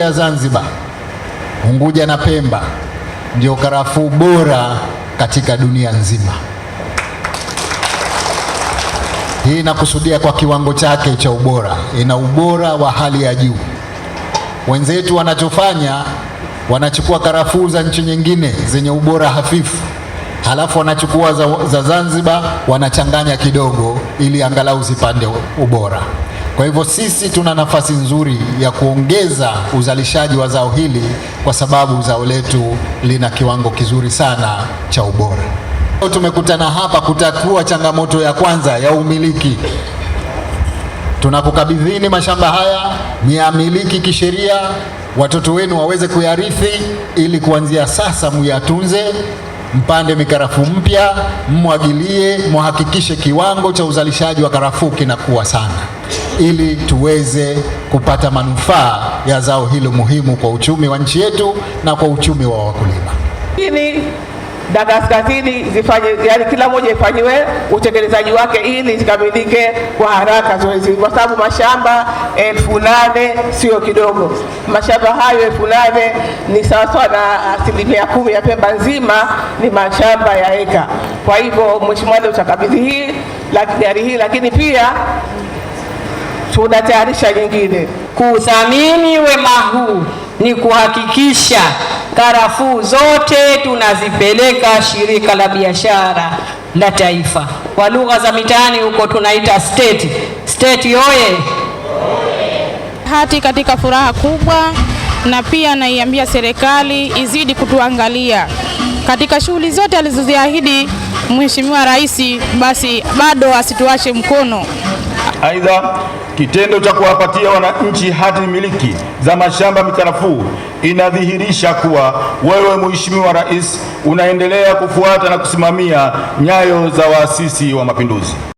ya Zanzibar, Unguja na Pemba ndio karafuu bora katika dunia nzima. Hii inakusudia kwa kiwango chake cha ubora, ina ubora wa hali ya juu. Wenzetu wanachofanya wanachukua karafuu za nchi nyingine zenye ubora hafifu, halafu wanachukua za, za Zanzibar wanachanganya kidogo, ili angalau zipande ubora. Kwa hivyo sisi tuna nafasi nzuri ya kuongeza uzalishaji wa zao hili kwa sababu zao letu lina kiwango kizuri sana cha ubora. Tumekutana hapa kutatua changamoto ya kwanza ya umiliki. Tunapokabidhini mashamba haya, miamiliki kisheria, watoto wenu waweze kuyarithi, ili kuanzia sasa muyatunze, mpande mikarafuu mpya, mmwagilie, muhakikishe kiwango cha uzalishaji wa karafuu kinakuwa sana ili tuweze kupata manufaa ya zao hilo muhimu kwa uchumi wa nchi yetu na kwa uchumi wa wakulima ili na kaskazini zifanye, yani kila moja ifanyiwe utekelezaji wake ili zikamilike kwa haraka zoezi, kwa sababu mashamba elfu nane sio kidogo. Mashamba hayo elfu nane ni sawasawa na asilimia kumi ya Pemba nzima ni mashamba ya eka. Kwa hivyo, Mheshimiwa, utakabidhi hii gari hii, lakini pia tunatayarisha nyingine Kudhamini wema huu ni kuhakikisha karafuu zote tunazipeleka shirika la biashara la taifa, kwa lugha za mitaani huko tunaita state. State oye! Hati katika furaha kubwa, na pia naiambia serikali izidi kutuangalia katika shughuli zote alizoziahidi Mheshimiwa Rais, basi bado asituache mkono. Aidha Kitendo cha kuwapatia wananchi hati miliki za mashamba mikarafuu inadhihirisha kuwa wewe Mheshimiwa Rais unaendelea kufuata na kusimamia nyayo za waasisi wa mapinduzi.